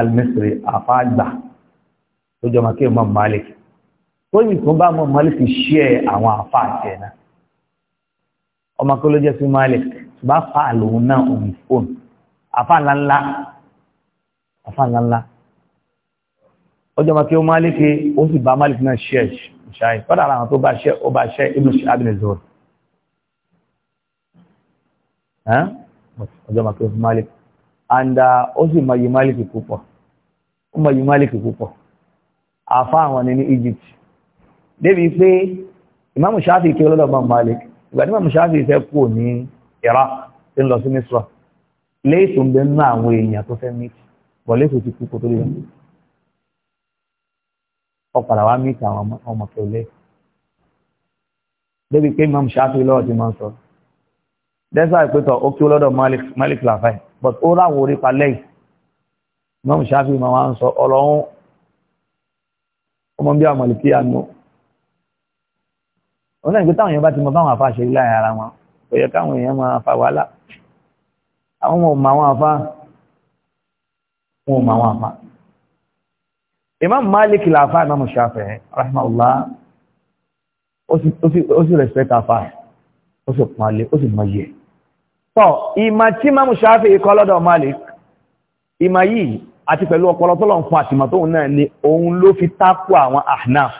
al-Misri àfáàgbà tó jọ màkì Imam Malik tó yìí tó bá Imam Malik ṣí ẹ àwọn àfáà tẹ̀ náà ọmọ kí ló jẹ́ sí Malik ṣùgbọ́n àfáà lòun náà òun fóònù àfáà ńláńlá àfáà ńláńlá ọjọ́ ma kí o máa léke ó sì bá máa lè náà ṣe ṣáì fọ́dà àwọn tó bá ṣe ó bá ṣe inú ṣe abin ọjọ́ ma kí o máa and uh, ó sì mọ̀yí Málìkì púpọ̀ ó mọ̀yí Málìkì púpọ̀ àfá àwọn ní Egypt débi pé ìmáàmù Ṣáfì kí olódọ̀ mọ̀ Malik ìgbà tí ìmáàmù Ṣáfì fẹ́ kú ní Iraq tí ń lọ sí Misra léètò ń bẹ nínú àwọn èèyàn tó fẹ́ mít bọ̀ léètò ti kú kó tó lè ọ padà wá mít àwọn ọmọ kẹlẹ́ débi pé ìmáàmù Ṣáfì lọ́wọ́ ti máa ń sọ dẹ́sà ìpẹ́tọ̀ ó kí olódọ̀ Malik làfáì but ó ráwọ̀ orí palẹ́ yìí imam shafi ma wá ń sọ ọlọ́run ọmọ bí àmọ̀lìkí àánú ọ̀nà ìgbé táwọn èèyàn bá ti mọ báwọn àfa ṣe rí láàrin ara wọn kò yẹ káwọn èèyàn máa fa wàhálà àwọn ọmọ ọmọ àwọn àfa wọn ọmọ àwọn àfa imam malik làfa imam shafi rahimahullah ó sì respect àfa ó sì pọ́nlé ó sì mọyì ẹ̀ tọ́ ìmà tí máa mú ṣááfì ikọ́ lọ́dọ̀ Malik ìmà yìí àti pẹ̀lú ọpọlọ tó lọ́n fún àtìmọ̀ tóun náà ni òun ló fi tákù àwọn Ahnaf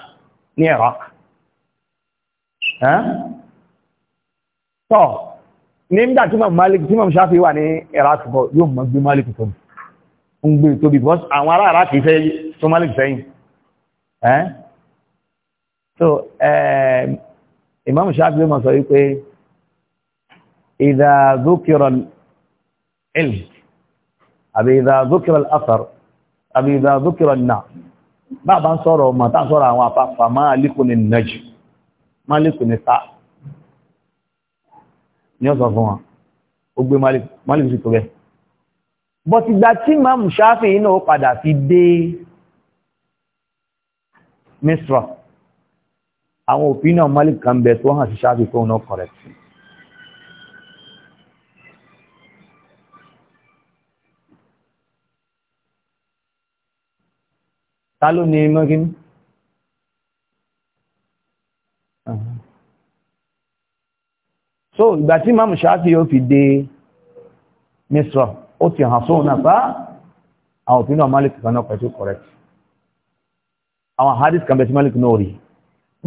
ní Iraq tọ́ nígbà tí máa Malik tí máa ṣááfì wà ní Iraq bọ̀ yóò mọ́ gbé Malik tóbi ń gbé e tóbi bọ́ àwọn ará Iraq fẹ́ tó so eh, Imam Ṣááfì máa sọ wípé إذا ذكر العلم أبي إذا ذكر الأثر أبي إذا ذكر النعم بعض bá ń sọ̀rọ̀ ọmọ tá sọ̀rọ̀ àwọn àpapà máa líkù ní nàjì máa líkù ní sáà ní ọ̀sọ̀ fún wọn ó gbé máàlìkù sí tó rẹ̀ bọ́ ti gba tí máa mú ṣááfì fi dé misra àwọn òpin náà kan bẹ tó hàn sí ṣááfì tó ń correct Talo ló ní so ìgbà tí Imam Shafi yóò fi dé Misra ó ti hàn sóhun náà bá ah, àwọn òfin náà Malik kan náà pẹ̀tù correct àwọn hadith kan bẹ̀ Malik náà rí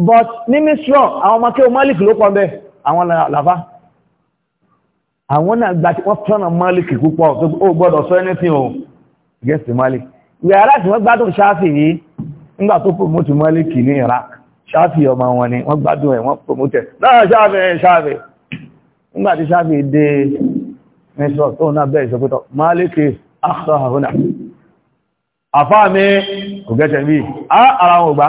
but ní Misra àwọn ọmọ kí o Malik ló pọ̀ bẹ́ àwọn làfá àwọn náà gbà tí wọ́n fẹ́ràn Malik púpọ̀ tó gbọ́dọ̀ sọ anything o against Malik yàrá tí wọ́n gbádùn ṣáfì yìí nígbà tó promote Málíkì ní Iraq ṣáfì ọmọ wọn ni wọ́n gbádùn ẹ̀ wọ́n promote náà ṣáfì ṣáfì nígbà tí ṣáfì dé mẹ́sọ̀ tó náà bẹ́ẹ̀ ìṣọ́pútọ̀ Málíkì àṣọ àhúnà àfáà mi kò gẹ́tẹ̀ bí ara wọn gbá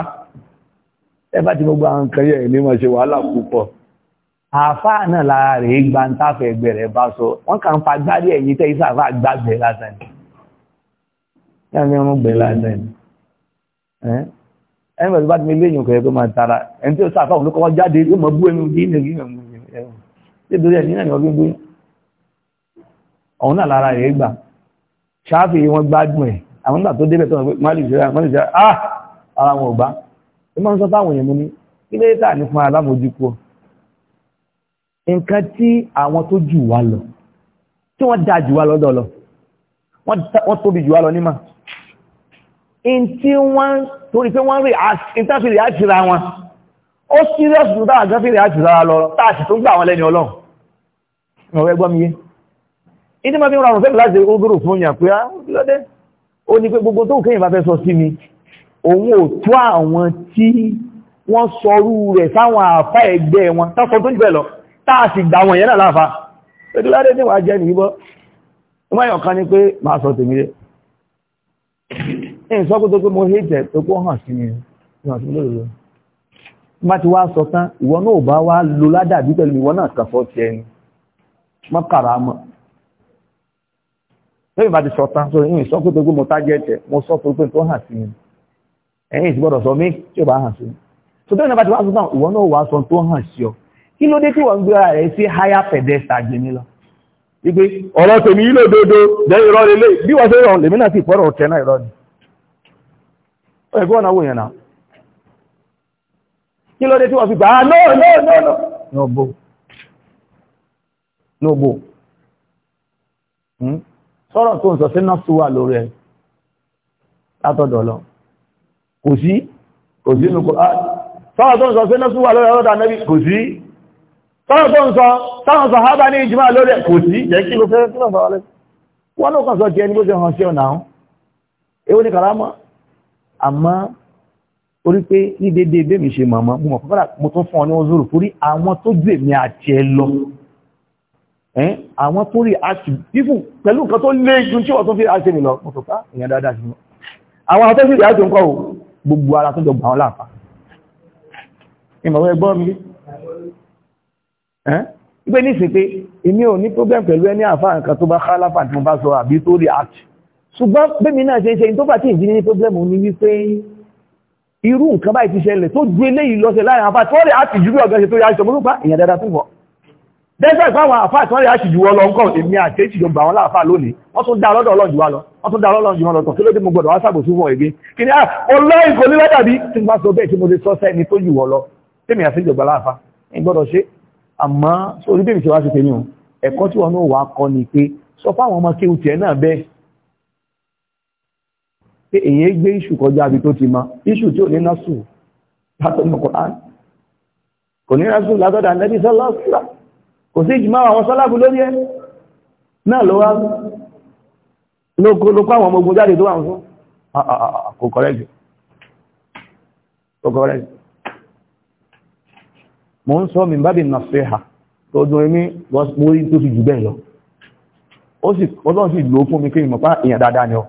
ẹ bá ti gbogbo àwọn kan yẹ ní máa ṣe wàhálà púpọ̀ àfáà náà lára rẹ̀ gbantafẹ́ bá sọ wọ́n kàn fa gbárí ẹ̀yìn tẹ́ ìsàfà gbàgbẹ̀ lásán ni yára ní ọmọ gbẹ̀rẹ̀ láìsẹ̀ ẹni pẹ̀lú bá ti mi léyìn kẹ̀yẹ́ tó máa tara ẹni tí ó sáfà òun ló kọ́kọ́ jáde yóò mọ bú ẹnu bí nìyí ẹ̀wọ̀n nítorí ẹ̀sìn náà ni wọ́n fi ń bú ọ̀hún náà lára rẹ̀ gbà ṣáàfì wọn gbádùn ẹ̀ àwọn nígbà tó débẹ̀ tó wọn pé mọ́lì ìṣẹ́ra mọ́lì ìṣẹ́ra ah ara wọn ò bá ẹ máa ń sọ fáwọn èèyàn mú ní ilé tá à ní fún alámojú kú nǹkan tí àwọn tó jù wá in tí wọ́n torí pé wọ́n rí ìtàṣìrí àjìra wọn ó sírẹ́sì tó dáwà gáfíìrì àjìra lọ táàṣì tó gbà wọn lẹ́ni ọlọ́run ọ̀rẹ́ gbọ́m yé ìdí ma fi ń rọrùn fẹ́ láti ogoro fún yàn pé ah, lọ́dẹ́ ó ní pé gbogbo tó kẹ́yìn bá fẹ́ sọ sí mi òun ò tó àwọn tí wọ́n sọrú rẹ̀ sáwọn àfá ẹgbẹ́ wọn tásọ tó jùbẹ̀ lọ táàṣì gbà wọn yẹn náà láàfá pẹ̀lú ládé níwájẹ́ nìyíbọ́ ọmọ yàn kan ní pé máa sọ tèmi rẹ̀ ẹ̀yìn sọ́kò tó pé mo hé jẹ́ tó kó hàn sí mi hàn sí mi lóòrò má ti wá sọ tán ìwọ náà ò bá wá lo ládàbí pẹ̀lú ìwọ náà kàn sọ ti ẹni má kàrà mọ́ lẹ́yìn bá ti sọ tán sórí ẹ̀yìn sọ́kò tó pé mo tájẹ́ jẹ́ mo sọ tó pé tó hàn sí mi ẹ̀yìn sì gbọ́dọ̀ sọ mí tí ò bá hàn sí mi tó tẹ́lẹ̀ bá ti wá sọ tán ìwọ náà wá sọ tó hàn sí ọ kí ló dé tí wọ́n ń gbéra rẹ̀ sí higher pedestal jẹ́ mi lọ wípé ọ̀rọ̀ tèmi yìí lòdodo jẹ́ irọ́ lélẹ̀ bí wọ́n ṣe rọrùn lèmi náà sì pọ́rọ̀ ọ̀tẹ́ náà irọ́ ẹgbẹ́ ọ̀nà wòyàn náà kí ló dé tí wọ́n fi gbà á ah, no no no no no bo no bo hmm? sọ́rọ̀ tó ń sọ sínú súwà lórí ẹ̀ látọ̀dọ̀ lọ kò sí kò sí nùkú ah, sọ́rọ̀ tó ń sọ sínú súwà lórí ọ̀dọ̀ Ànábì kò sí sọ́rọ̀ tó ń sọ sáwọn sọ hábà ní ìjímà lórí ẹ̀ kò sí jẹ́ kí ló fẹ́ wọ́n ló kàn sọ jẹ́ ní bó ṣe hàn sí ọ̀nà àwọn ní kàrámọ́ àmọ́ orí pé ní dédé bẹ́ẹ̀ mi ṣe màmá mo mọ̀ fọ́nà mo tún fún ọ ní ọzọ́rò torí àwọn tó gbé mi àti ẹ lọ àwọn tó rí aṣù fífún pẹ̀lú nǹkan tó lé ju tí wọ́n tó fi aṣe mi lọ mo tọ́ká èèyàn ah, dáadáa sí wọn àwọn àwọn tó sì rí aṣù nǹkan ò gbogbo ara tó jọ gbà wọn láàpá ìmọ̀wé ẹgbọ́n mi ìgbé ní ìsìn pé èmi ò ní problem pẹ̀lú ẹni àfáà nǹkan tó bá ká láfà tí mo bá sọ àbí tó rí aṣù ṣùgbọ́n bẹ́mi náà ṣe ń ṣe tó bá tí ìdí ní pọ́blẹ́mù ní wípé irú nǹkan báyìí ti ṣẹlẹ̀ tó ju eléyìí lọ́sẹ̀ láàrin àfáà tí wọ́n rẹ̀ àti jùlọ ọ̀gá ṣe tó yáṣọ mọ́ nípa èèyàn dáadáa fún wọn dẹ́sẹ̀ ìpáwọn àfáà tí wọ́n rẹ̀ àti jùlọ lọ́nkọ̀ èmi àti èjì ló gbà wọn láàfáà lónìí wọ́n tún dá lọ́dọ̀ ọlọ́jù wa lọ wọ́n tún dá lọ́dọ̀ ọlọ́jù wa lọ tọ̀ kí ló dé mo gbọ́dọ̀ wá sàgbò sí wọn ègbé kí ni ah, ọlọ́yìn kò ní lọ́dà bí tí mo bá sọ bẹ́ẹ̀ tí mo lè sọ sẹ́ ni tó jù wọ lọ tèmi àti ìjọba láàfáà ń gbọ́dọ̀ ṣe àmọ́ sórí bèbí ṣe wá sí tèmi o ẹ̀kọ́ tí wọn náà wà á kọ́ ni pé sọ fáwọn ọmọ kéwù tiẹ̀ náà bẹ́ẹ̀ pé èyí gbé iṣù kọjá àbí tó ti ma iṣù tí ò ní násù látọ̀nà Kùránì kò ní násù látọ̀dà nẹ́bí sọ́lọ́sílá kò sí ìjìmá àwọn sọ́lábù lórí ẹ náà ló wá lókọ́ àwọn ọmọ jáde tó wà fún sọ mi bábi nàṣẹ́hà tó dún ẹmí wọ́n tó fi jù bẹ́ẹ̀ lọ ó sì lò ó fún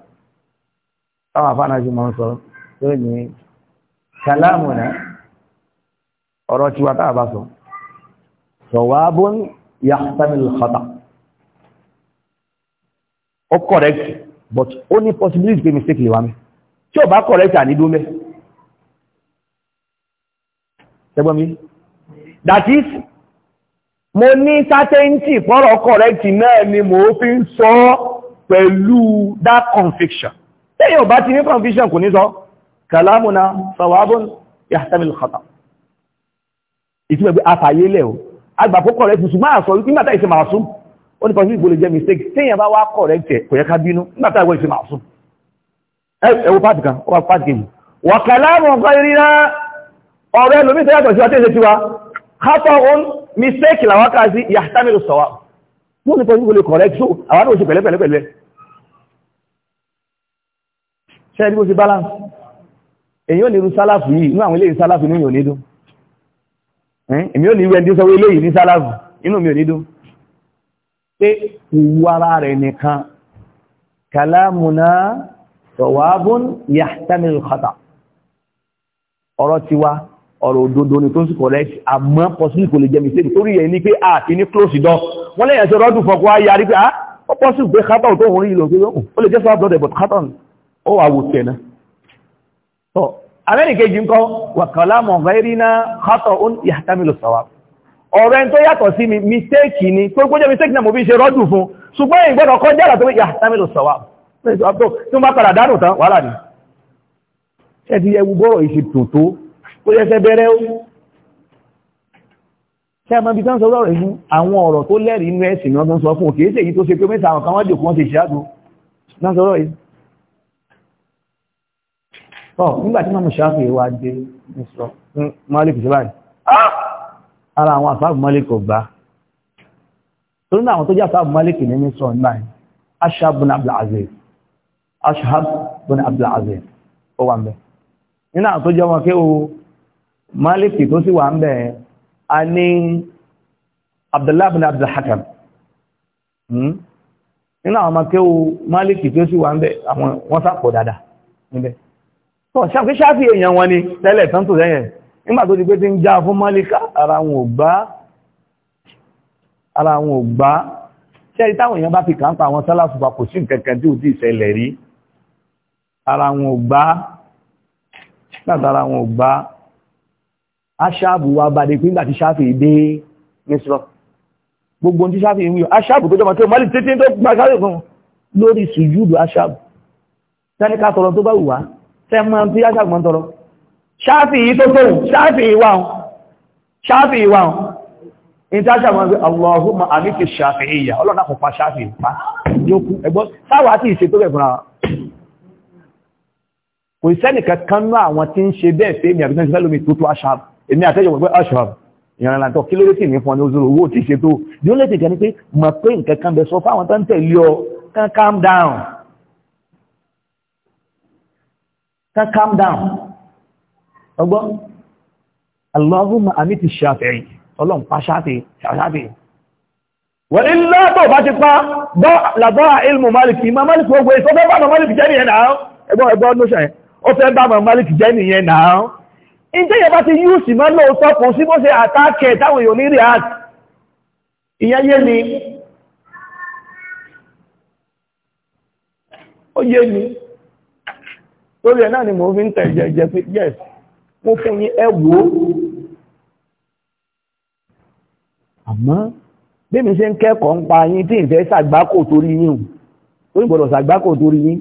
táwọn afáàná sí mọ́ ń sọ yóò ní kàlámù náà ọ̀rọ̀ tiwa táà bá sọ sọ̀wábùn yàtàmìlì kọ́tà ó correct but ó ní possibility pé mistake lè wá mi tí ò bá correct ànídó mẹ́ ṣẹgbọ́n mi that is mo ní certainty fọ́rọ̀ correct náà ni mo fi ń sọ pẹ̀lú that conviction tẹ́yìn ọba ti ní confusion kò ní sọ kàlámùnà sọ̀wábùn yahtamil khata ìtumẹ̀ pé afàyé lẹ̀ o agbàpọ̀ correct ṣùgbọ́n àṣọ nígbàtà ìṣe màá sún ó ní confusion ìgbòlè jẹ́ mistake tẹ́yìn bá wá correct ẹ̀ kò yẹ ká bínú nígbàtà ìwọ̀ ìṣe màá sún ẹwọ pàtì kan ọwọ́ pàtì kejì wà kàlámù ọ̀gọ́ ìrìnà ọ̀rọ̀ ẹlòmí tẹ́yà tọ̀ sí ọtí ìṣe tiwa khata on mistake làwọn kà ṣẹ́rí bó ti balance èyí ò ní irú sálàfù yìí inú àwọn eléyìí sálàfù inú mi ò ní dùn èmi ò ní irú ẹni tí ó sọ wé eléyìí ní sálàfù inú mi ò ní dùn pé ìwú ara rẹ̀ nìkan kàlámùná sọ̀wábùn yahtamil khata ọ̀rọ̀ tiwa ọ̀rọ̀ òdodo ni tó ń sì correct àmọ́ possible kò lè jẹ́ mistake torí ẹ̀ ní pé a kì ní close door wọ́n lẹ́yìn ẹ̀ṣẹ́ rọ́dùn fọ́kọ́ ayé arí pé ah ó possible pé khata ò tó òun rí ìlò pé oh, ó lè jẹ́ sọ́dọ̀ but khata ó wà wò tẹ̀nà so amẹ́ríkèjì ń kọ́ wàkàlá mọ̀gáírí náà hátọ̀ ó yàtàmìlò sọ́wà ọ̀rẹ́ tó yàtọ̀ sí mi mistake ni tó gbójẹ́ mistake náà mo bí ṣe rọ́dù fún ṣùgbọ́n ìgbọ́dọ̀ kọ́ jára tó yàtàmìlò sọ́wà tó má padà dánù tán wàhálà ni ṣe ti yẹ gbogbo ìṣe tòótó ó yẹ fẹ́ bẹ̀rẹ̀ ó ṣe àwọn ọ̀rọ̀ tó lẹ́rìí inú ẹ̀sìn náà tó ń sọ fún òkè é tó ṣe pé mẹ́ta àwọn kan wọ́n dè kó wọ́n ṣe ṣáàdù náà yìí ọ̀ nígbà tí máa mú ṣáfì wá dé nìsọ malik ṣe báyìí ah! ara àwọn àfáàbù malik kò gbá torí náà àwọn tó jẹ́ àfáàbù malik ní nìsọ náà ashab bin abdul aziz ashab bin abdul aziz ó wà ń bẹ nínú àwọn tó jẹ́ wọn kí o malik tó sì wà ń a ní abdullahi bin abdul tọ́ ṣàfí ṣáfí èèyàn wọn ni tẹ́lẹ̀ tán tó rẹ̀yẹn nígbà tó di pé tí ń já fún mọ́líkà ara wọn ò gbà ara wọn ò gbà ṣẹ́rí táwọn èèyàn bá fi kàńpa àwọn sálàfù pa kò sí nǹkankan tí ò tí ìṣẹ̀lẹ̀ rí ara wọn ò gbà nígbà ara wọn ò gbà aṣáàbù wa bàdé pé nígbà tí ṣáfí dé mísírọ̀ gbogbo ohun tí ṣáfí wí aṣáàbù tó jọmọ tó mọ́lì títí tó gbà sáré kan lórí sùjúdù aṣáàbù tẹ́ni ká tó bá wù wá tẹ́mọ́ tí yásàgbọ́n tọrọ ṣáàfì yìí tó tóhùn ṣáàfì ìwà hùn ṣáàfì ìwà hùn in tí yásàgbọ́n pé allahumma aliki ṣáàfì ìyà ọlọ́nà kò pa ṣáàfì ìpa yókù ẹgbọ́n sáwà tí ìṣe tó bẹ̀ fúnra kò sẹ́nì kankan náà àwọn tí ń ṣe bẹ́ẹ̀ pé mi àbíkan ìṣẹ́lómi tó tó aṣọ èmi àtẹ́jọ̀ pé aṣọ ìyànlá tó kí ká calm down ọgbọ́ allahumma amiti shafi'i ọlọ́run pa shafi'i shafi'i wà ilá tó bá ti pa lábá ilmu maliki ma maliki ogun èso fẹ́ bá maliki jẹ́ nìyẹn náà ẹgbọ́n ẹgbọ́n ló ṣẹ̀ ó fẹ́ bá maliki jẹ́ nìyẹn náà ìjẹ́ yẹn bá ti yíò sì máa lóòótọ́ kùn sí bó ṣe àtàkẹ́ táwọn èèyàn ní rí àt ìyẹn yé ni ó yé ni torí ẹ̀ náà ni mo fi ń tẹ̀ jẹjẹ pé yes mo fún yín ẹ wò ó àmọ́ bẹ́mi ṣe ń kẹ́kọ̀ọ́ ń pa yín tí ìfẹ́ ṣàgbákò torí yín o ó gbọ́dọ̀ ṣàgbákò torí yín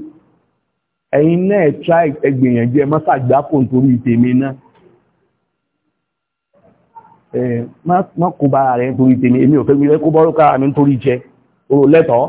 ẹ̀yin náà tra ẹgbìyànjú ẹ má ṣàgbákò torí tèmi náà ẹ má kó bára rẹ nítorí tèmi èmi ò fẹ́ gbé kó bọ́rọ́ kára mi nítorí jẹ òrò lẹ́tọ̀ọ́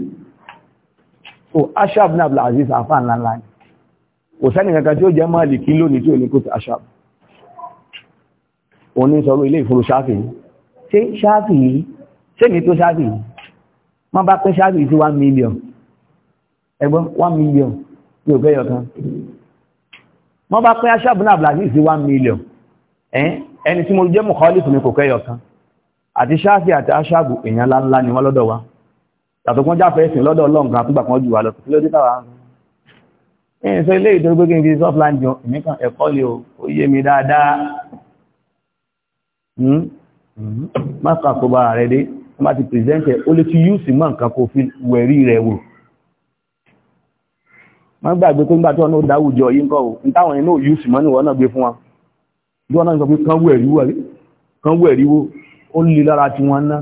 so ashab ní abdulaziz àfà ńláńlá ni kò sẹ́ni kankan tí ó jẹ́ máàlì kí lónìí tí ò ní kò sí ashab òun ní sọ̀rọ̀ ilé ìfòrò ṣáàfì ṣe ṣáàfì yìí ṣe ní tó ṣáàfì yìí wọ́n bá pín ṣáàfì sí 1 million ẹgbọ́n 1 million ní òfẹ́ yọkan wọ́n bá pín ashab ní abdulaziz sí 1 million ẹni tí mo jẹ́ mọ̀kọ́lì fún mi kò kẹ́yọkan àti ṣáàfì àti ashab èèyàn láńlá ni wọ́n lọ́dọ̀ wa tàbí kan jáfẹ́ ẹ̀sìn lọ́dọ̀ ọlọ́run kan àtúgbà kan jù wá lọ sí lórí tàwa ẹ̀yìn sọ ilé ìdúró gbégé ní softland jọ ìmíkan ẹ̀kọ́ lè ó yé mi dáadáa hmm? Hmm? má kàkó bá rẹ̀ dé wọ́n bá ti pìrìsẹ́ntẹ̀ ó lè fi yúùsì mọ́ nǹkan kó fi wẹ̀rí rẹ̀ wò má gbàgbé pé nígbà tí wọn náà dáwùjọ yìí nǹkan ò nítawọn yẹn náà yúùsì mọ́ níwọ̀n náà gbé fún wọn bí wọn náà sọ pé kán wẹ̀rí wò ó lè lára tí wọn náà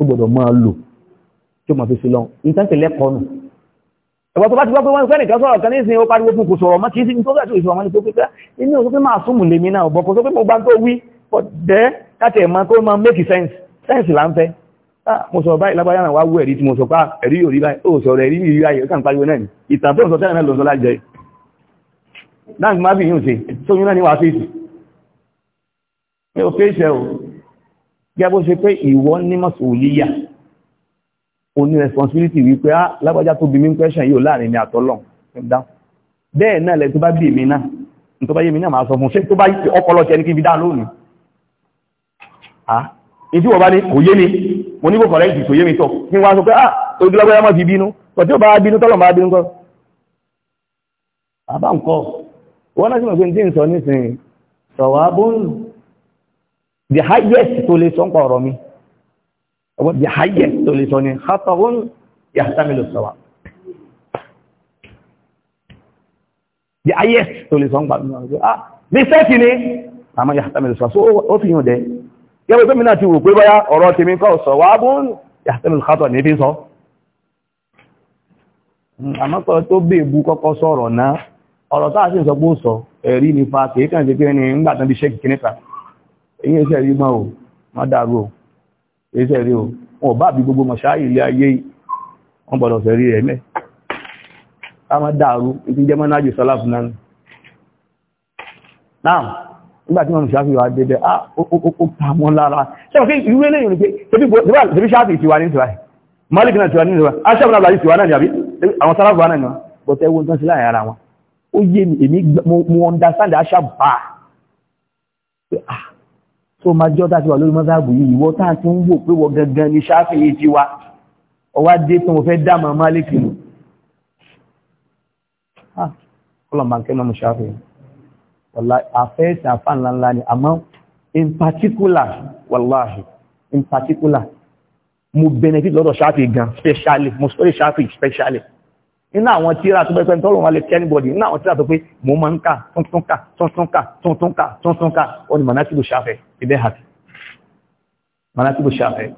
ó gbọ́dọ̀ máa lò tí ó máa fi ṣe lọ ìtànkì lẹ́kọ̀ọ́ nù ẹ̀wọ̀n tó bá ti gbọ́ pé wọ́n fẹ́ nìkan sọ̀rọ̀ kan nísìnyí ó pariwo fún kò sọ̀rọ̀ mọ́ kìí sí ní tó bá ti ìṣòro àwọn ní tó pé inú òṣèpé máa súnmù lèmi náà ọ̀bọ̀ gbá tó make sense sense là ń fẹ́ ah, mo sọ báyìí lábáyá náà wá wú ẹ̀rí tí mo sọ pé ah, ẹ̀rí yóò rí báyìí ó sọ̀rọ̀ ẹ̀rí yìí ayọ̀ kàn pariwo náà ni ìtàn tó ń sọ tẹ́lẹ̀ náà lọ sọ lájẹ náà ni má wàá fèsì mi ò fèsì ẹ o gẹ́gẹ́ bó ṣe pé ìwọ ní mọ̀sùlùmíyà o responsibility wípé á ah, lágbájá tó bí mi question yóò láàrin ní àtọ́lọ̀ bẹ́ẹ̀ náà lẹ tó bá bí èmi náà ní tó bá yé mi náà máa sọ fún ṣé tó bá ọpọlọ tẹ ní kí fi dá lónìí ìtí ah, wọ́n ah ojú lágbájá má fi bínú kọ̀ tí ó bá bínú tọ́lọ̀ bá bínú kọ́ bàbá nǹkan wọ́n ń the highest tó lè sọ ń pa ọ̀rọ̀ mi ọgbọ́n the highest tó lè sọ ni hasarun yahtamilu sawa the highest tó lè sọ ń pa mi ah bí sẹ́ẹ̀kì ni àmọ́ yahtamilu sawa so ó fi yàn dẹ yẹ́wọ́ tó mi náà ti wò pé báyá ọ̀rọ̀ tèmi kọ́ sọ wá bún yahtamilu khata ní bí sọ hmm, àmọ́ pẹ̀lú tó bèèbú kọ́kọ́ sọ̀rọ̀ náà ọ̀rọ̀ táà sì ń sọ pé ó sọ ẹ̀rí nípa kìí kàn sí pé ní ńgbà tán bí ṣe kìkìníkà èyí ẹsẹ̀ rí mọ́ o má dárú o ẹsẹ̀ rí o wọn bá bí gbogbo mọ̀ṣáyì ilé ayé wọn gbọ́dọ̀ sẹ̀ rí ẹ̀mẹ́ a má dárú ibi jẹ́ mọ́nà àjò sọ́lá fún náà náà nígbà tí wọ́n ṣáfi wà dédé á ó pa mọ́ lára ṣẹ́wọ̀n kí ìwé lẹ́yìn pé tẹ́bí ṣáfi ti wà ní ìtura malik náà ti wà ní ìtura aṣẹ́wọ̀n náà ti wà náà ní àbí àwọn sáráfà náà ni wọ́n bọ̀tẹ́ owó tán sí láàrin ara wọn ó yé mi èmi mo understand aṣáàbà tó ma jọ́ tàbí wà lórí mọ́sáàbù yìí ìwọ táà tí ń wò pé wọ gangan ni ṣáàfì yìí ti wá ọwá dé tó mo fẹ́ dámà máàlìkì nù ah, ọlọ́mọ̀kẹ́nà mú ṣáàfì àfẹ́ẹ̀sì àfáànlá ni àmọ́ in particular wàláhì in particular mo benefit lọ́dọ̀ ṣáàfì gan specially mo sọ́rí ṣáàfì nínú àwọn tíra tó pẹ́pẹ́ tọ́rọ wọn lè kẹ́ níbọ̀dì nínú àwọn tíra tó pé mo máa ń kà tuntun-kà tuntun-kà tuntun-kà tuntun-kà ó ní manakibu ṣafẹ́ ibẹ́ hàtì manakibu ṣafẹ́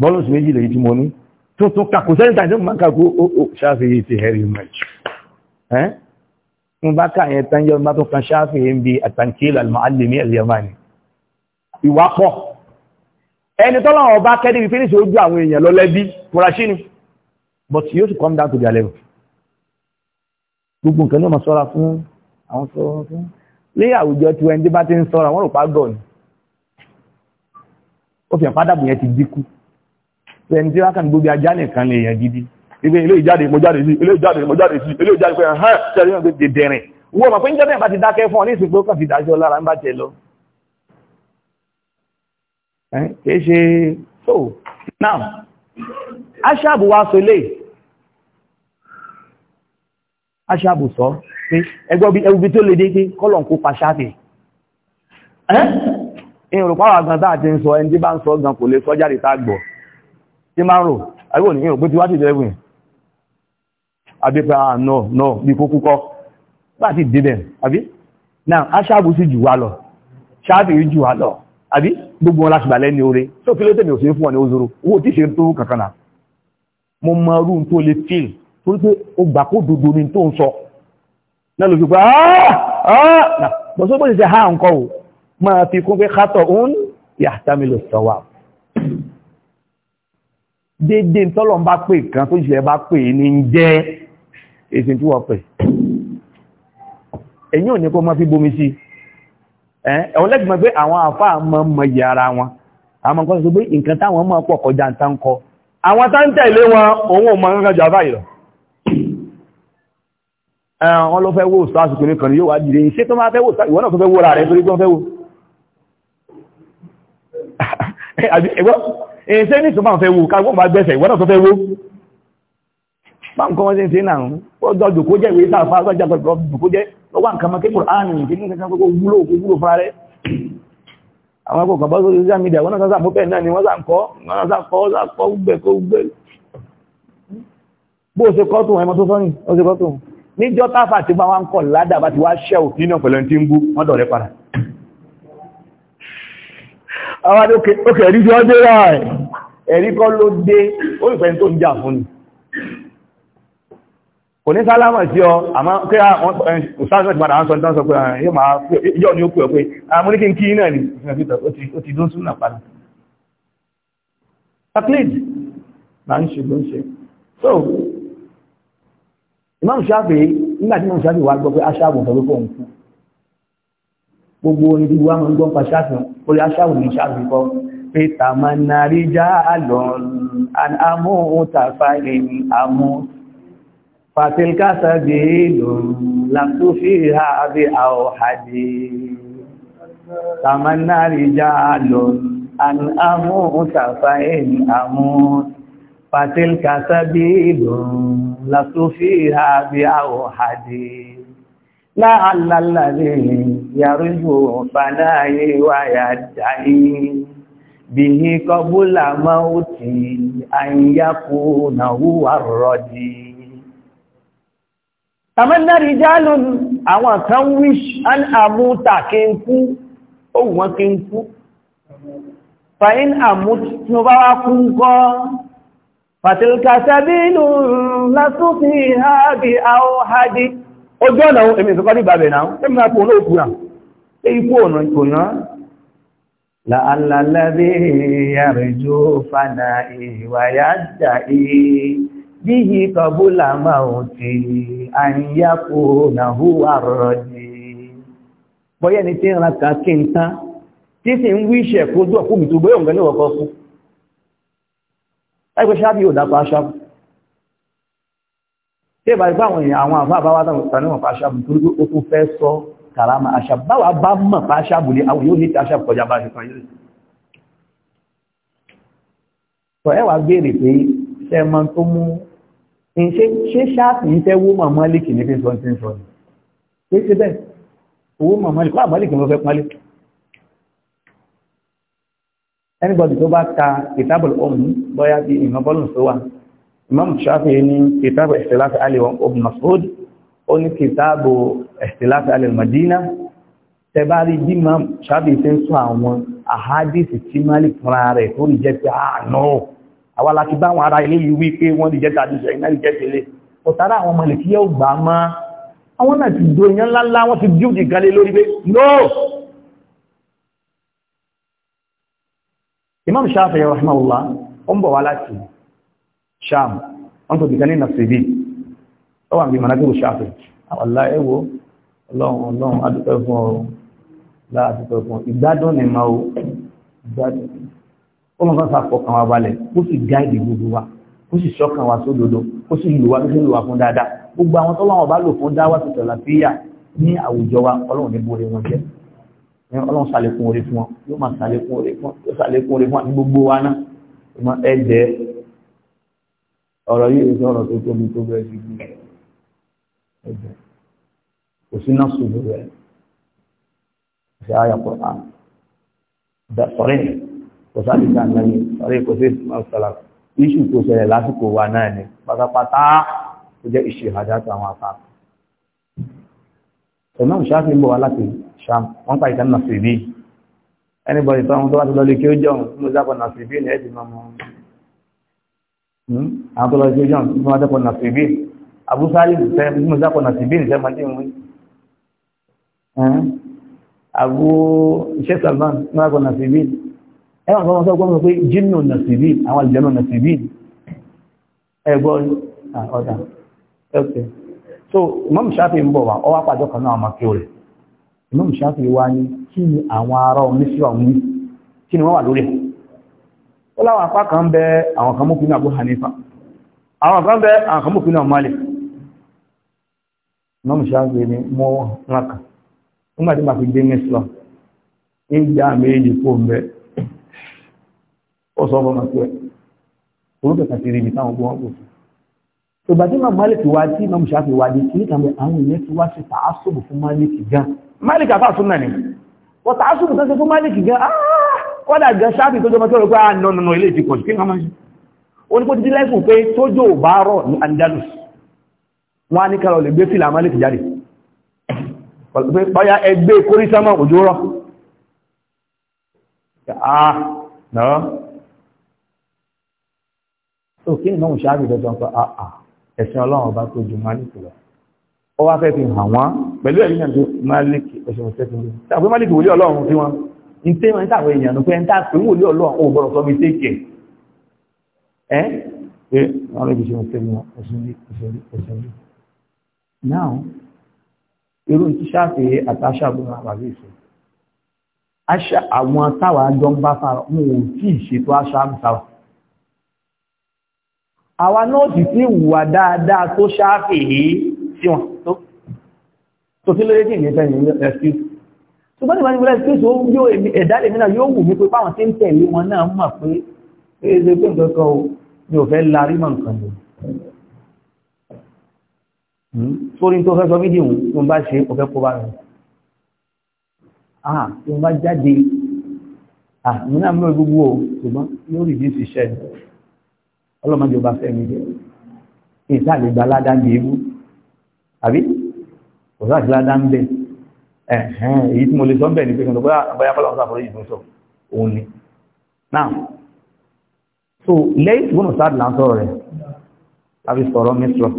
bọ́lùsù méjì lèyí tí mo ní tuntun-kà kò sẹ́yìn tàbí máa kàkó ṣafẹ́ yìí ti hẹ́rì mẹ́jì ẹ́ ń bá ká yẹn tán yọ but yóò sì come down to their level gbogbo nǹkan ní ọmọ sọ́ra fún àwọn sọ́ra fún lé àwùjọ tí wọ́n bá ti ń sọ́ra wọ́n rò pa gọ̀ ni ó fi hàn pádàbù yẹn ti dínkù ẹni tí wọ́n kàn gbogbo ajá nìkan lè yàn gidi ibi ilé ìjáde mo jáde sí ilé ìjáde mo jáde sí ilé ìjáde pé hàn sẹ́rí náà ti dẹ̀rìn wọ́n mọ̀ pé níjọ́ náà bá ti dákẹ́ fún ọ ní ìsìnkú kan ti dájọ́ lára ń bá tẹ̀ lọ kìí ṣe so now aṣáàbù wá sọ lè aṣáàbù sọ pé ẹgbọ́bí ẹgbùbí tó lè dé pé kọ́lọ̀ kó pa ṣáàtì ìrùpáwà gan tàà ti ń sọ ẹni tí bá ń sọ gan kò lè sọ jáde tá gbọ́ tí máa ń rò ẹgbò ní ìrùpé tí wá ti dẹ́gbìn àbípa náà náà bí kó kúkọ́ bá ti dìbẹ̀ àbí náà aṣáàbù sì jù wá lọ ṣáàtì jù wá lọ àbí gbogbo wọn láti gbàlẹ́ ní oore tó fi lótẹ́mì òsèré fún wọn ní òzòrò owó tí ìṣẹ́ tó kàkànà mo mọ irú tó lè fi tó pé ó gbà kó dodo ní tó ń sọ náà ló fi pa áà bọ́sọ́ bó ti ṣe ha nǹkan o máa fi kún pé kátọ̀ òun yàtàmílò sọ̀wà dédé tọ́lọ̀ ń bá pè kan tó ìṣẹ́ bá pè ní jẹ́ èsì tí wọ́n pè ẹ̀yìn ò kó má fi bomi sí i ẹ̀wọ́n lẹ́gbẹ̀mọ́ pé àwọn àfá àmọ́ mọ̀ yẹ ara wọn àmọ́ nǹkan sọ pé nǹkan táwọn mọ́ pọ̀ kọjá ta ń kọ àwọn tá ń tẹ̀lé wọn òun ò mọ̀ nǹkan jàbá ìlọ wọ́n ló fẹ́ wó sáàsù kìnnì kan yóò wá dìde iṣẹ́ tó máa fẹ́ wó sáàsù ìwọ́n náà tó fẹ́ wó báwọn kọ́ wọ́n sí ṣe náà ọjọ́ jòkó jẹ́ ìwé sáàfà ọjọ́ jòkó jẹ́ lọ́wọ́ nǹkan mọ́ kékùrù ààrùn ìfẹ́ nínú kankan kó wúlò kó wúlò fara rẹ̀ àwọn akọ̀kọ̀ bá sórí social media wọ́n sáà mọ́pẹ́ náà ni wọ́n sáà kọ́ wọ́n sáà kọ́ sáà kọ́ gbẹ̀ kó gbẹ̀ bó ṣe kọ́ tó wọn ẹmọ tó sọ́yìn ó ṣe kọ́ tó wọn níjọ́ táfà tí wọ́n kọ̀ ládà bá ti wá ṣẹ́ ò nínú pẹ̀lú tí ń bú wọ́n dọ̀rẹ́ padà àwọn adókè ẹ̀rí tí wọ́n dé rà ẹ̀rí kọ́ ló dé ó ìfẹ́ tó ń jà fún ni kò ní sálámà sí ọ àmá kí ọ̀sáàsọ̀ ti padà ń sọ pé ah, yọ́ ni ó pè ọ pé àmú ah, ní kí náà ni ó ti dún súnà padà taklid na ń ṣe ló ń ṣe so Imam Shafi nígbà Imam Shafi wà gbọ́ pé aṣáàbò tọ́lú kò ń kú gbogbo orin tí wọ́n máa ń gbọ́n pa Shafi orí aṣáàbò ní Shafi kọ́ pé tàmánà rí já àlọ́ àmú òun tàfà ẹ̀yìn àmú فتلك سبيل لم فيها بأوحد تمنى رجال أن أموت فإن أموت فتلك سبيل لست فيها بأوحد لعل الذي يرجو فلاي ويدعي به قبل موتي أن يكون هو الرجيم tàmẹ́nà rìjálù àwọn kan wíṣ an àmúta kí n kú òun wọn kí n kú fàyín àmúta tí ó bá wá kú ń kọ́ fàtílkà sẹ́bínú lásùfí ha bí àwọn hajji ojú ọ̀nà èmì ìsọ́kọ́ ní ìbàbẹ̀ náà tí mú bíhi kọbúlà máa ò tí àyíyákò náà húwà rọ̀ jì bọ́yẹ́ ni tí ń ra kà kí n tán tí sì ń wí ìṣẹ̀ kó dùn fún mi tó bóyọ̀ ǹgẹ́ níwọ̀kọ́ fún ẹgbẹ́ ṣáàbì ò dápa ṣáàbù tí ìbá ipá àwọn èèyàn àwọn àfáà bá wá tàníwọ̀n pa ṣáàbù tó ó tún fẹ́ sọ kàrámà aṣáàbù báwa bá mọ̀ pa ṣáàbù lé àwọn yóò ní ti aṣáàbù kọjá bá ṣe kan sọ ẹ wàá pé ṣe mọ tó mú ṣe ṣáàtì yìí fẹ́ wó màmá líkì ní fífọ́ tí ń sọ ní ṣe ṣe bẹ́ẹ̀ owó màmá líkì wà líkì ló fẹ́ pálí anybody tó bá ta ìtàbọ̀ ọ̀hún bọ́yá bí ìmọ̀ bọ́ọ̀lù tó wà Imam Shafi ní kìtàbọ̀ ẹ̀sìláṣẹ́ alẹ́ ọ̀bùn Mas'ud ó ní kìtàbọ̀ ẹ̀sìláṣẹ́ alẹ́ Madina tẹbárí bí Imam Shafi ṣe ń sọ àwọn àhádìsì tí Malik fúnra tó rí jẹ́ pé àánú ah, àwa láti bá àwọn ará ilé yìí wí pé wọ́n lè jẹ́ta àdìsẹ̀ iná lè jẹ́tẹ̀lé ọ̀tàrà àwọn ọmọ ilẹ̀ tí yóò gbà mọ́ àwọn náà ti do èèyàn ńláńlá wọ́n ti bíúdì gan lé lórí pé no Imam Shafi'i rahimahullah ó ń bọ̀ ó mọ̀ kan sàfọkàn wa balẹ̀ ó sì gáàdì gbogbo wa ó sì sọ́kàn wa sódodo ó sì lò wá lóṣèlú wa fún dáadáa gbogbo àwọn tọ́lọ́wọ́n bá lò fún dáwà tó tẹ̀lá fíyà ní àwùjọ wa ọlọ́run ní borí wọn jẹ́ ọlọ́run sàlékún orí fún wọn yóò máa sàlékún orí fún wọn sàlékún orí fún wọn ní gbogbo wa náà ọmọ ẹ̀jẹ̀ ọ̀rọ̀ yìí ọ̀rọ̀ tó tóbi tó bẹ́ẹ̀ sí gbé ẹ̀jẹ̀ kò sí náà sùn lórí ẹ̀ ṣe àyà pọ̀ náà sọ̀rọ̀ kò sáàbì sí ànábì sọ̀rọ̀ kò sí ọ̀sọ̀lá iṣu tó ṣẹlẹ̀ lásìkò wa náà ni pátápátá tó jẹ́ ìṣèhàdá tó àwọn afá ìmáàmù ṣáfì ń bọ̀ wá láti ṣam wọ́n pa ìtàn nàṣìbí anybody tó àwọn tó bá ti lọlé kí ó jọun mo dápọ̀ nàṣìbí ni ẹ ti máa mọ hmm? àwọn tó lọ sí ojú iṣẹ́ salman mo dápọ̀ nàṣìbí ẹwà àwọn ọmọ ọgbọ́n pé jínú nàṣìbí àwọn àlùjànnú na ẹgbọ́n ọ̀dà ẹ̀kẹ́ so Imam Shafi ń bọ̀ wá ọwá pàjọ kan náà máa rẹ̀ Imam Shafi wá ní kí ni àwọn ará oníṣẹ́ ọ̀hún kí ni wọ́n wà lórí ẹ̀ ó láwọn apá kan bẹ àwọn kan Hanifa àwọn kan bẹ àwọn kan Malik Imam Shafi mọ́ fi ó sọ fọmọ sí ẹ orúkọ kàti rí ibi táwọn ọgbọ́n ọgbọ́n tó ìgbà tí màmú Málíkì wá tí màmú Ṣáfì wá dé kí nìkan bẹ àwọn ìyẹn ti wá sí tàásùbù fún Málíkì gan Málíkì àfà sún náà ni wọ́n tàásùbù tó ṣe fún Málíkì gan ah, kọ́dà gan Ṣáfì tó jọmọ tó rẹ pé à nọ nọ ilé ìtìkọ̀ kí nìkan máa ń ṣe ó ní kó ti di lẹ́sùn pé tójò bá rọ̀ ní Andalus wọ́n á ní kálọ̀ lè gbé fìlà Málíkì jáde bọ́yá ẹgbẹ́ kórísámọ̀ òjò rọ̀ ah, tó kí ni mọ́mù ṣáàbì tó sọ pé àà ah, ah, ẹ̀sìn ọlọ́run ọba tó ju máàlìkì lọ ó wá fẹ́ fi hàn wọ́n pẹ̀lú ẹ̀rí náà tó máàlìkì ẹ̀sìn ọ̀sẹ̀ tó lé tàbí máàlìkì wòlé ọlọ́run tí wọ́n ń tẹ́ wọn táwọn èèyàn ní pé ń tà pé wòlé ọlọ́run ò gbọ́dọ̀ sọ mi tẹ́kẹ̀ ẹ́ pé wọ́n lè fi ṣe ọ̀sẹ̀ wọn ẹ̀sìn ọ̀sẹ̀ ọ̀sẹ̀ náà àwọn táwa jọ ń bá fara wọn ò tí ṣètò àṣà àmì táwa àwa náà ti sí ìwà dáadáa tó ṣááfì yìí sí wọn tó tó tí lórí tí ìgbésẹ̀ ní excuse ṣùgbọ́n ìgbà nígbà excuse ó yóò ẹ̀dá lèmi náà yóò wù mí pé báwọn tí ń tẹ̀lé wọn náà mọ̀ pé ẹ̀ẹ́dẹ́ pé nǹkan kan o mi ò fẹ́ larí mọ̀ nǹkan lò hmm? sórí tó fẹ́ sọ fídíò tó ń bá ṣe ọ̀fẹ́ kó bá rẹ̀ ah tó ń bá jáde ah mi náà mọ̀ gbogbo o ṣùgbọ́n yóò rí bí ṣiṣẹ́ ọlọ́mọdé ọba fẹ́ mi jẹ́ ìta lè gba aládá ń bèébú àbí òṣà àti aládá ń bẹ ẹ̀hẹ́n èyí tí mo lè sọ ń bẹ̀ ní pé kí n àbáyá fọlọ́ ọ̀sán àfọlọ́ ìdún sọ òun ni now so lẹ́yìn tí wọ́n sáà là ń sọ̀rọ̀ rẹ̀ àbí sọ̀rọ̀ mẹ́sọ̀rọ̀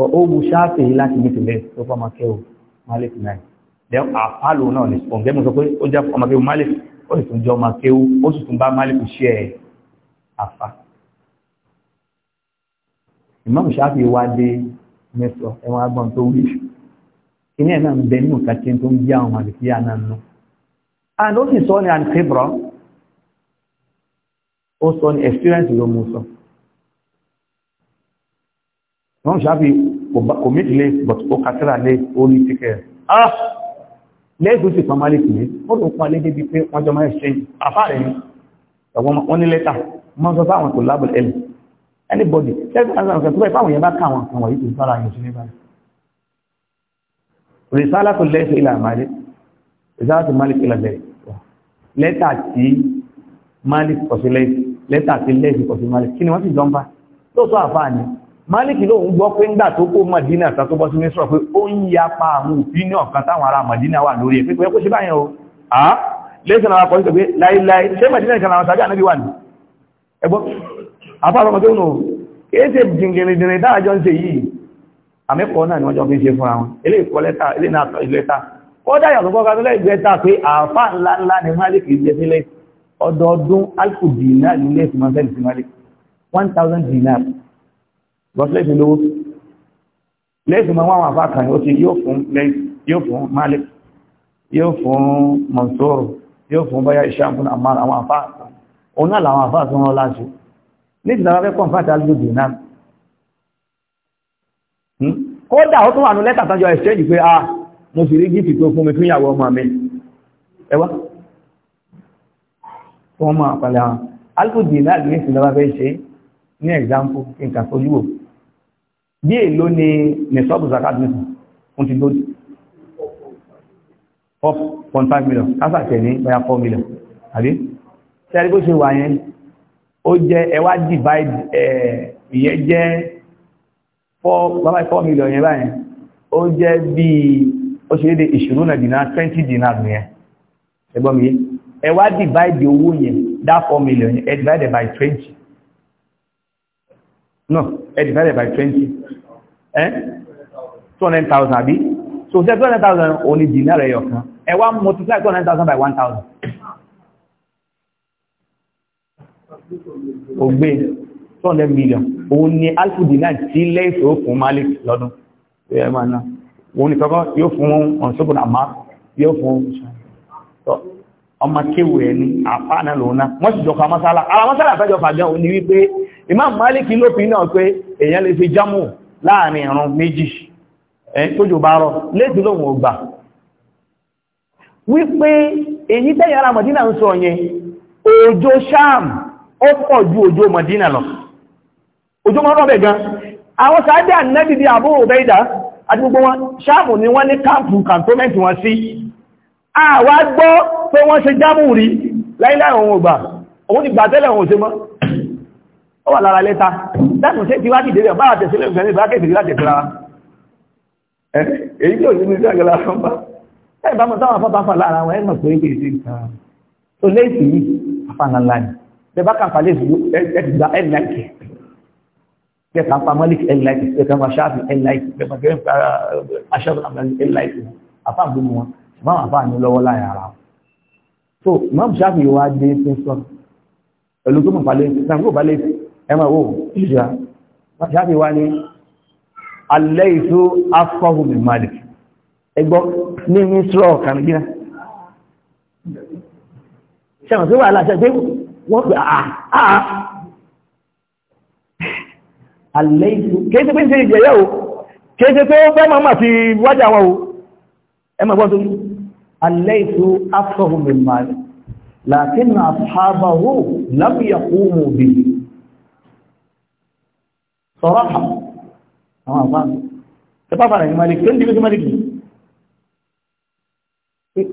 ọ ogun ṣáàfì yìí láti ní tìlẹ̀ tó fọ́ ọmọ kẹ́wò malik náà then àfàlù náà ní sọ̀rọ̀ gẹ́gẹ́ mo sọ pé ó jẹ́ ọmọ kẹ́wò malik ó sì tún jẹ́ ọmọ kẹ́wò ó sì tún bá malik ṣe ẹ̀ àfà ìmáàmù ṣáfì wá dé mẹ́sọ̀ ẹ̀wọ̀n agbọ́n tó wí kíní ẹ̀ náà ń bẹ nínú kàtí tó ń bí àwọn màlìkíyà náà nù and ó sì sọ ní àǹkébùrọ ó sọ ní experience ló mú sọ ìmáàmù ṣáfì kò mí tilé but ó kàtírà lé ó ní tíkẹ́ ah lẹ́gbẹ̀ẹ́ sì pamọ́ lè kìí ó lò pọ̀ lé débi pé wọ́n jọ máa ń ṣe àfáà rẹ̀ ni wọ́n ní lẹ́tà wọ́n sọ fáwọn kò lábùl ẹ̀lì anybody ṣẹ́fẹ́ àgbàkàn tó bá ìpáwọn yẹn bá ká àwọn kan wọ̀nyí tó sára yẹn sí ní báyìí rìsálà tó lẹ́sẹ̀ ilà Malik rìsálà tó Malik ilà bẹ̀rẹ̀ lẹ́tà tí Malik kọ̀sí lẹ́sì lẹ́tà tí lẹ́sì kọ̀sí Malik kí ni wọ́n sì jọ ń to lóòótọ́ àfáà ni Malik ló ń gbọ́ pé ńgbà tó kó Madina ta tó bọ́ sí Mísírà pé ó ń ya pa àwọn òfin ọ̀kan táwọn ará Madina wà lórí ẹ̀ pé kò ṣe báyẹn o à lẹ́sìn àwọn akọ̀sí pé láíláí ṣé Madina kan àwọn tàbí ànábì wà ní ẹgbọ́n àfáàrọ̀mọ̀ tó nù kìí ṣe jìngìrìndìrìn dáàjọ́ ń ṣe yìí àmẹ́kọ̀ọ́ náà ni wọ́n jọ fi ṣe fún àwọn ilé ìkọ́ lẹ́ta ilé náà ìlẹ́ta ó dáyà tó kọ́kọ́ lẹ́ ìgbẹ́ta pé àfá ńlá ńlá ni malik jẹ sílẹ̀ ọdọọdún alfu dinar nílé ìfìmọ̀ sẹ́lì sí malik 1000 dinar rọ́sílẹ̀ ìfì lówó lẹ́sùn mọ́ wọn àfá kan ó ti yóò fún malik yóò fún Mansur yóò fún báyá iṣẹ́ àwọn àfá òun náà làwọn àfá tó rán láṣù níbi náà fẹ́ kọ́nfàtà lóde náà kódà ó tún wà ní lẹ́tà tánjọ ẹ̀ṣẹ́jì pé a ah, mo sì rí gífì tó fún mi fún ìyàwó ọmọ mi ẹwà wọ́n máa pàlẹ̀ àwọn alkùdì náà ní ìsìn lọ́wọ́ fẹ́ ṣe ní ẹ̀gbáǹpù kí n kà fojúwò bí èlò ni nìsọ́bù zakat nìsìn fún ti dójú 4.5 million kásàkẹ̀ ní bẹ́yà 4 million àbí ṣe àrígbó ṣe wà yẹn ó jẹ́ ẹwà divide ìyẹn jẹ́ four million yẹn báyẹn ó jẹ́ bí ó ṣe léde ìṣúrúnà dìná 20 dinar yẹn ẹgbọ́n mi ẹwà divide owó yẹn that 4 million yẹn ẹ divide by 20 no ẹ divide by 20 eh 200,000 àbí so 200,000 òní dinar ẹyọ kan ẹwà multiply 200,000 by 1,000 ògbé 200 million òun ni alfudina tí lẹ́ẹ̀sì ó fún malik lọ́dún òun ni kọ́kọ́ yóò fún ọ̀nṣọ́bùn àmá yóò fún ọmọ kéwò ẹ̀ ní àpáànà lòun náà wọ́n sì jọka mọ́sálà ara mọ́sálà fẹ́jọ fàjọ òun ni wípé imam malik ló fi náà pé èèyàn lè fi jámù láàrin méjì tójò bá rọ lóhun wípé èyí ara mọ̀dínà ń sọ yẹn ó pọ̀ ju òjò Mọ̀dínà lọ òjò mọ́ rọ̀bẹ̀ gan àwọn sàájẹ́ ànẹ́bì bí àbó òbẹ́ìdá àti gbogbo wọn sáàmù ni wọ́n ní káàpù kàntómẹ́ntì wọn sí àwa gbọ́ pé wọ́n ṣe jámù rí láìláì òun ògbà òun ti gbà tẹ́lẹ̀ òun òṣèmọ́ ó wà lára lẹ́ta dákùn sí ti wájì délẹ̀ bára tẹ̀sílẹ̀ ìgbẹ̀rẹ̀ ìbákẹ́sì láti ẹ̀kẹ́ra èyí tí ò ní ní ìgbẹ̀rẹ̀ lásán bá ẹ̀bá mọ̀ táwọn afọ́bá fà bẹ́ẹ̀ bá kàn fà lẹ́sìn ẹ ti gba ẹ̀rì láìkì bẹ́ẹ̀ kàn fà malik ẹ̀rì láìkì bẹ́ẹ̀ kàn fà ṣáàfì ẹ̀rì láìkì bẹ́ẹ̀ kàn fà aṣọ́fì ẹ̀rì láìkì àfà gbogbo wọn ṣùgbọ́n àfà ní lọ́wọ́ láyà ara wọn. so imam ṣáàfì yìí wá dé sí sọ pẹ̀lú tó mọ̀ fà lẹ́sìn náà kó fà lẹ́sìn ẹ máa wò ṣíṣà ṣáàfì wá ní alẹ́ ìṣó afọ́hùn mi malik ẹgbọ́ ní mísírọ̀ kàn wọ́n pẹ̀ ah, ah. àà alẹ́ ìlú kéèsé pé ń ṣe ìjẹ̀yẹ́ o kéèsé pé ó fẹ́ máa máa fi wájà wọn o ẹmọ gbọ́n tó alẹ́ ìlú afọ́hùn mi máa rẹ̀ látín náà sábà hù lábíyà àwọn àbá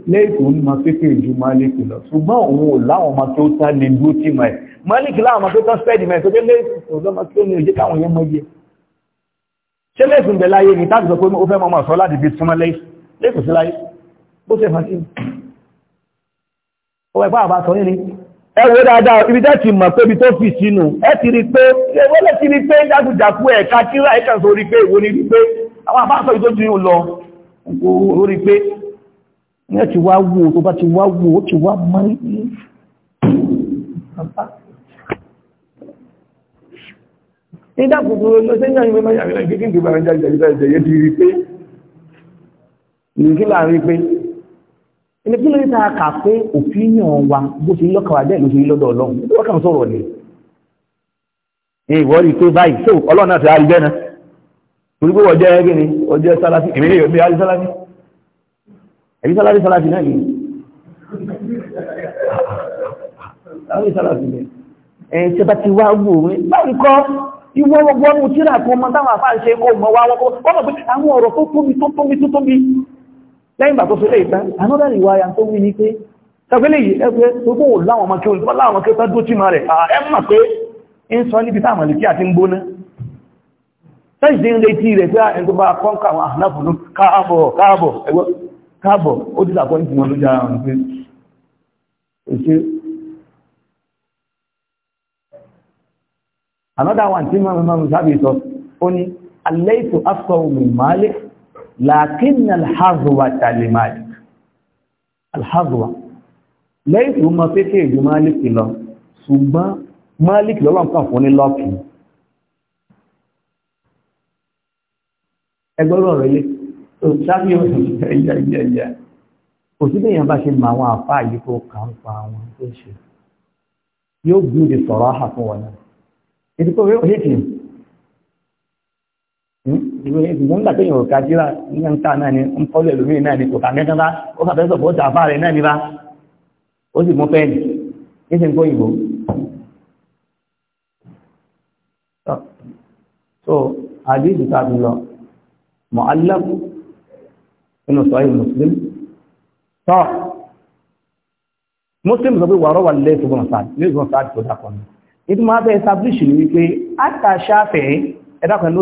lẹ́ẹ̀kùn ní ma pépè ju Málíkì lọ ṣùgbọ́n òun ò láwọn ọmọ tó tán lè dúró tí ma ẹ̀ Málíkì láwọn ọmọ tó tán spẹ́ẹ̀dì mẹ́ẹ̀ tó dé lẹ́ẹ̀kùn lọ́mọ tó ní òjé káwọn yẹn mọ́yẹ ṣé lẹ́ẹ̀kùn bẹ̀ láyé ní táàbí sọ pé ó fẹ́ mọ́ sọ láti fi súnmọ́ lẹ́ẹ̀kùn sí láyé bó ṣe fàṣí ọwọ́ ẹ̀fọ́ àbá sọ yìí ni ẹ wò dáadáa ibi tẹ́ ti mọ̀ pé ibi àwọn àbá sọ ìtọ́jú orí pé ní ẹ̀ ti wá wò tó bá ti wá wò ó ti wá mọ́ ní bàbá ní dákòókò lọ sí ìyàn ìgbìmọ̀ ìyàwó ìgbìmọ̀ ìgbìmọ̀ ìjàjẹ̀ ìjàjẹ̀ yẹ́ ti rí pé ìrìnkí láàrin pé ilé kí ló ní tàà kà pé òfíyàn wa bó ṣe lọ́kàwà bẹ́ẹ̀ ló ṣe lọ́dọ̀ ọlọ́run lọ́kàn sọ̀rọ̀ ni ìwọ́ rí pé báyìí tó ọlọ́run náà ti rárí bẹ́ẹ̀ náà torí pé wọ́n jẹ́ ẹgbẹ́ ni ọjọ́ sáláfí èmi ní ìyọ̀ ẹ̀rí sálárì sálárì náà ni sálárì sálárì ni ẹ̀ ṣe bá ti wá wò rẹ̀ báyìí kọ́ ìwọ gbogbo ọmọ tíra kan mọ táwọn àfáà ṣe kó mọ wá wọn kó wọ́n mọ̀ pé àwọn ọ̀rọ̀ tó tóbi tó tóbi tó tóbi lẹ́yìn bàtọ́ sílẹ̀ ìta anọ́dà ìwà ayà tó wí ní pé tàbílẹ̀ yìí ẹgbẹ́ tó kó láwọn ọmọ kí o láwọn ọmọ kí o tó tí ma rẹ̀ ẹ mọ̀ pé ń sọ níbi táàmà lè kí àti ń gbóná tẹ́sì ń retí rẹ̀ pé ẹgbẹ́ bá kọ́ńkà àwọn àhànáfòlú káàbọ̀ káàbọ̀ ẹgbẹ́ káàbọ̀ ó ti sàpọ̀ ìtì wọn ló jára wọn pé èṣe another one tí mọ́mọ́ mọ́mọ́ sábì sọ ó ní aláìtò afọ́wùmù Malik lakin alhazuwa tali Malik alhazuwa lẹ́yìn mọ́ pékè ìjú Malik lọ ẹgbọ́rọ̀ rẹ̀ yìí sábì ẹ̀yẹ̀yẹ̀ kò sí bẹ́yàn bá ṣe mọ àwọn àfá yìí tó kàn pa àwọn tó ṣe yóò gbú de sọ̀rọ̀ àhà fún wọn náà ètò pé òye hmm? ìgbìmọ̀ nígbà tó yàn ò kájíra nígbà ń ta náà ni ń kọ́lù ẹlòmíì náà ni kò kà kankan bá ó kà fẹ́ sọ̀pọ̀ ó ta àfá rẹ̀ náà ni bá ó sì mú fẹ́ẹ̀lì kí sì ń kó ìbò so àdéhùn tàbí lọ mọ̀ alákùn inú sọ́yí muslim tọ́ muslim sọ pé wà rọ́wà lẹ́ ṣùgbọ́n sáàdì ní ṣùgbọ́n sáàdì tó dákọ̀ ní ìdí máa bẹ́ establish ní wípé àtà ṣáfẹ́ ẹ̀dàkọ̀ ló